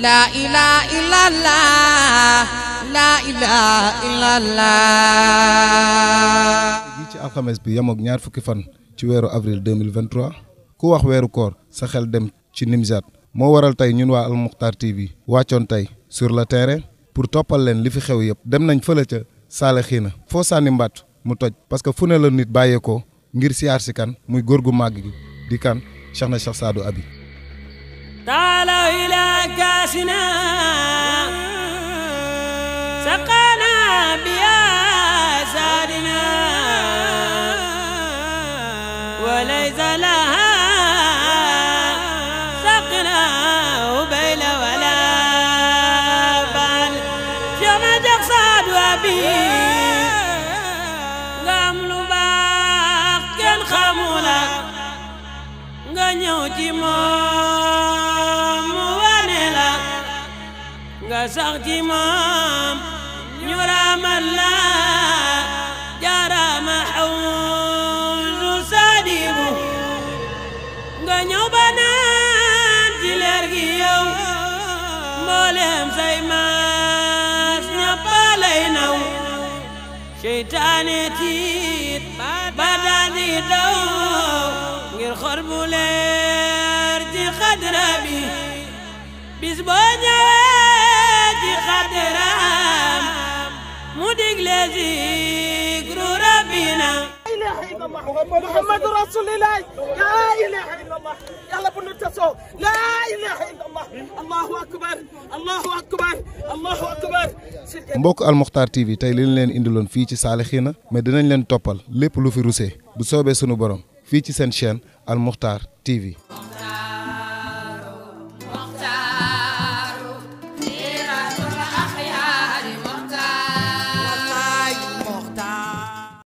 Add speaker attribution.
Speaker 1: laa ilaa ilaa laa laa ilaa ilaa laa
Speaker 2: gi ci alxames bi yemoog ñaar fukki fan ci weeru avril 2023 ku wax weeru koor sa xel dem ci Nimzaat moo waral tey ñun waa Al Moukhtar TV wàccoon tey sur le terrain pour toppal leen li fi xew yëpp dem nañ fële ca saale xiina foo sànni mbaat mu toj parce que fu ne la nit bàyyeekoo ngir siyaar si kan muy góor gu màgg gi di kan Cheikhna Cheikh Sadou Abi
Speaker 1: يا بآثارنا وليس لها سقنا بيل ولا بل جمع جقصاد وبي غامل باق كان خامولا غنيو جمام ونلا غسق جمام يرى من جرى محوز غنيو بنان مولم سيماس نبالي شيطاني تيت دو غير خربو لير خدربي مدق لذكر ربنا لا اله الا الله محمد رسول الله لا اله الا الله يلا بنتصو لا اله الا الله الله اكبر الله اكبر الله اكبر
Speaker 2: mbokk almoxtaar tv tey li ñu leen indiloon fii ci Salikhina mais dinañ leen toppal lépp lu fi rusé bu soobee sunu borom fii ci seen chaîne almoxtaar tv